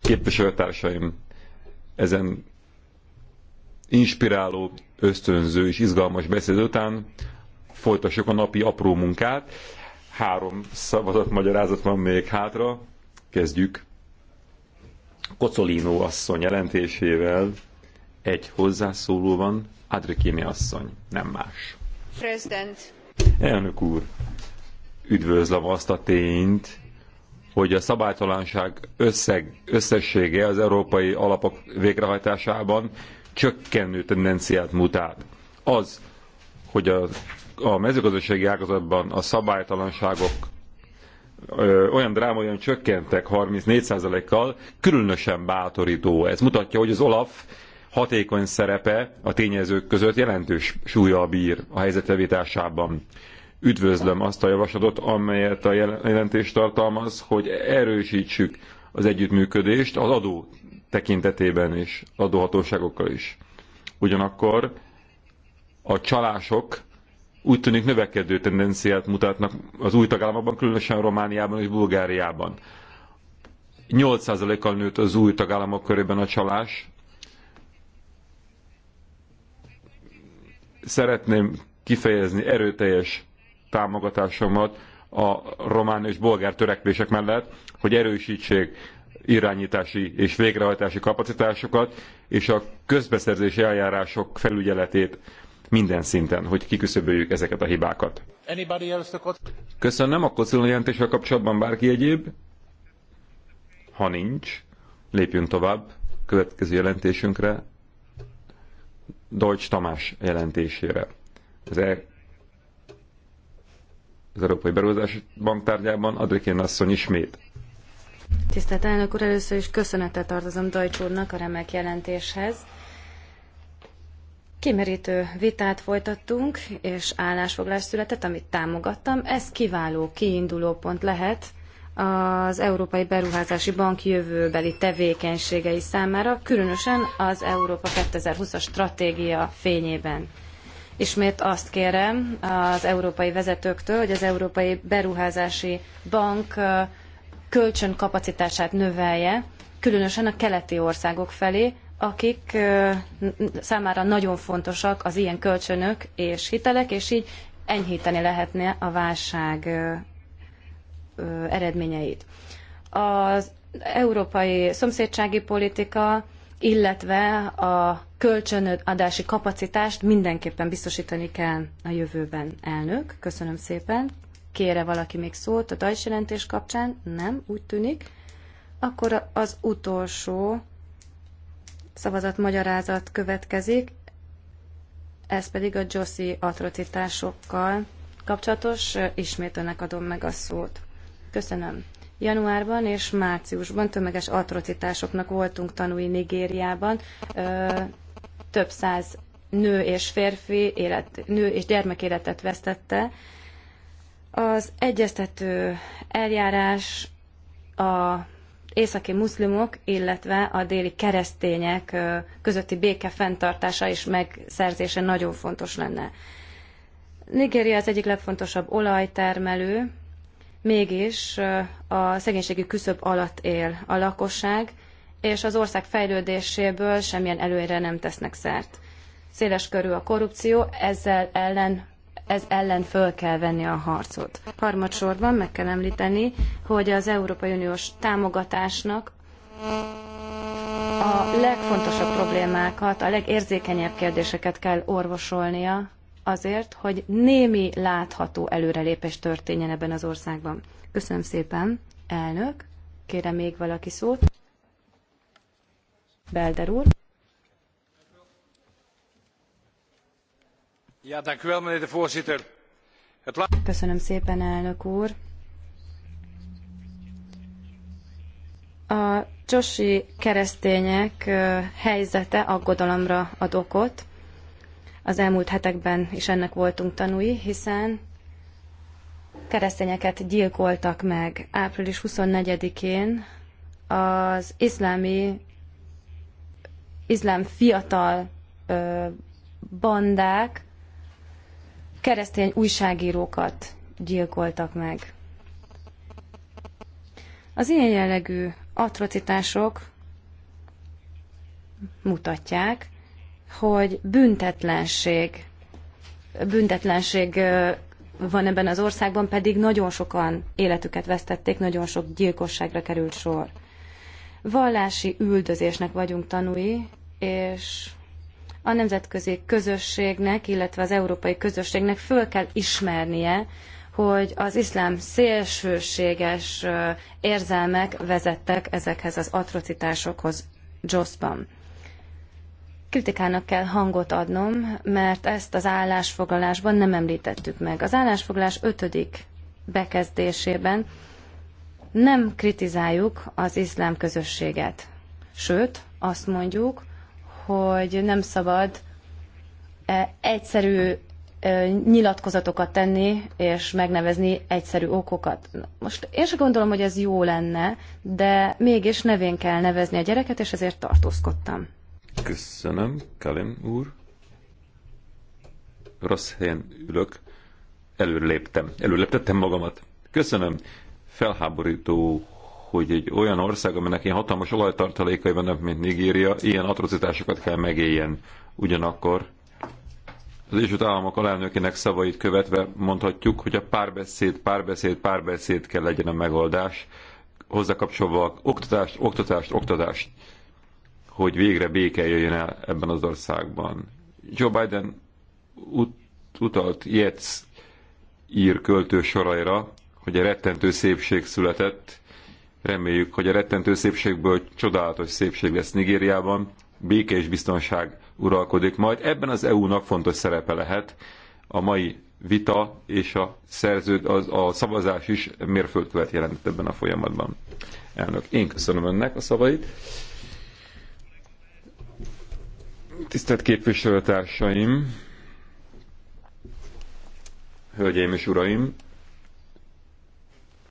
Képviselőtársaim, ezen inspiráló, ösztönző és izgalmas beszéd után folytassuk a napi apró munkát. Három szavazatmagyarázat van még hátra. Kezdjük. Kocolino asszony jelentésével egy hozzászóló van, Adrikini asszony, nem más. President. Elnök úr, üdvözlöm azt a tényt, hogy a szabálytalanság összeg, összessége az európai alapok végrehajtásában csökkenő tendenciát mutat. Az, hogy a, a mezőgazdasági ágazatban a szabálytalanságok ö, olyan drámaian csökkentek 34%-kal, különösen bátorító. Ez mutatja, hogy az Olaf hatékony szerepe a tényezők között jelentős súlya bír a helyzetevításában. Üdvözlöm azt a javaslatot, amelyet a jelentés tartalmaz, hogy erősítsük az együttműködést az adó tekintetében is, adóhatóságokkal is. Ugyanakkor a csalások úgy tűnik növekedő tendenciát mutatnak az új tagállamokban, különösen Romániában és Bulgáriában. 8%-kal nőtt az új tagállamok körében a csalás. Szeretném kifejezni erőteljes támogatásomat a román és bolgár törekvések mellett, hogy erősítsék irányítási és végrehajtási kapacitásokat, és a közbeszerzési eljárások felügyeletét minden szinten, hogy kiküszöböljük ezeket a hibákat. Köszönöm, akkor szülő jelentéssel kapcsolatban bárki egyéb? Ha nincs, lépjünk tovább következő jelentésünkre, Deutsch Tamás jelentésére. Az az Európai Beruházási Bank tárgyában, Adrikén asszony ismét. Tisztelt elnök úr, először is köszönetet tartozom Dajcs úrnak a remek jelentéshez. Kimerítő vitát folytattunk, és állásfoglás született, amit támogattam. Ez kiváló kiinduló pont lehet az Európai Beruházási Bank jövőbeli tevékenységei számára, különösen az Európa 2020-as stratégia fényében. Ismét azt kérem az európai vezetőktől, hogy az Európai Beruházási Bank kölcsönkapacitását növelje, különösen a keleti országok felé, akik számára nagyon fontosak az ilyen kölcsönök és hitelek, és így enyhíteni lehetne a válság eredményeit. Az európai szomszédsági politika illetve a kölcsönadási kapacitást mindenképpen biztosítani kell a jövőben. Elnök, köszönöm szépen. Kére valaki még szót a Dajs jelentés kapcsán? Nem, úgy tűnik. Akkor az utolsó szavazatmagyarázat következik, ez pedig a Jossi atrocitásokkal kapcsolatos. Ismét önnek adom meg a szót. Köszönöm. Januárban és márciusban tömeges atrocitásoknak voltunk tanúi Nigériában. Több száz nő és férfi élet, nő és gyermek életet vesztette. Az egyeztető eljárás a északi muszlimok, illetve a déli keresztények közötti béke fenntartása és megszerzése nagyon fontos lenne. Nigéria az egyik legfontosabb olajtermelő, mégis a szegénységi küszöb alatt él a lakosság, és az ország fejlődéséből semmilyen előre nem tesznek szert. Széles körű a korrupció, ezzel ellen ez ellen föl kell venni a harcot. Harmadsorban meg kell említeni, hogy az Európai Uniós támogatásnak a legfontosabb problémákat, a legérzékenyebb kérdéseket kell orvosolnia, azért, hogy némi látható előrelépés történjen ebben az országban. Köszönöm szépen, elnök. Kérem még valaki szót. Belder úr. Köszönöm szépen, elnök úr. A csosi keresztények helyzete aggodalomra ad okot az elmúlt hetekben is ennek voltunk tanúi, hiszen keresztényeket gyilkoltak meg április 24-én az iszlámi, iszlám fiatal ö, bandák keresztény újságírókat gyilkoltak meg. Az ilyen jellegű atrocitások mutatják, hogy büntetlenség, büntetlenség van ebben az országban, pedig nagyon sokan életüket vesztették, nagyon sok gyilkosságra került sor. Vallási üldözésnek vagyunk tanúi, és a nemzetközi közösségnek, illetve az európai közösségnek föl kell ismernie, hogy az iszlám szélsőséges érzelmek vezettek ezekhez az atrocitásokhoz Joszban kritikának kell hangot adnom, mert ezt az állásfoglalásban nem említettük meg. Az állásfoglalás ötödik bekezdésében nem kritizáljuk az iszlám közösséget. Sőt, azt mondjuk, hogy nem szabad eh, egyszerű eh, nyilatkozatokat tenni, és megnevezni egyszerű okokat. Most én sem gondolom, hogy ez jó lenne, de mégis nevén kell nevezni a gyereket, és ezért tartózkodtam. Köszönöm, Kalim úr. Rossz helyen ülök. Előléptem. Előléptettem magamat. Köszönöm. Felháborító, hogy egy olyan ország, aminek ilyen hatalmas olajtartalékai vannak, mint Nigéria, ilyen atrocitásokat kell megéljen. Ugyanakkor az Egyesült Államok alelnökének szavait követve mondhatjuk, hogy a párbeszéd, párbeszéd, párbeszéd kell legyen a megoldás, hozzákapcsolva oktatást, oktatást, oktatást hogy végre béke jöjjön el ebben az országban. Joe Biden ut utalt Jetsz ír költő soraira, hogy a rettentő szépség született. Reméljük, hogy a rettentő szépségből csodálatos szépség lesz Nigériában, béke és biztonság uralkodik majd. Ebben az EU-nak fontos szerepe lehet. A mai vita és a szerződ, az, a szavazás is mérföldkövet jelentett ebben a folyamatban. Elnök, én köszönöm önnek a szavait. Tisztelt képviselőtársaim, hölgyeim és uraim!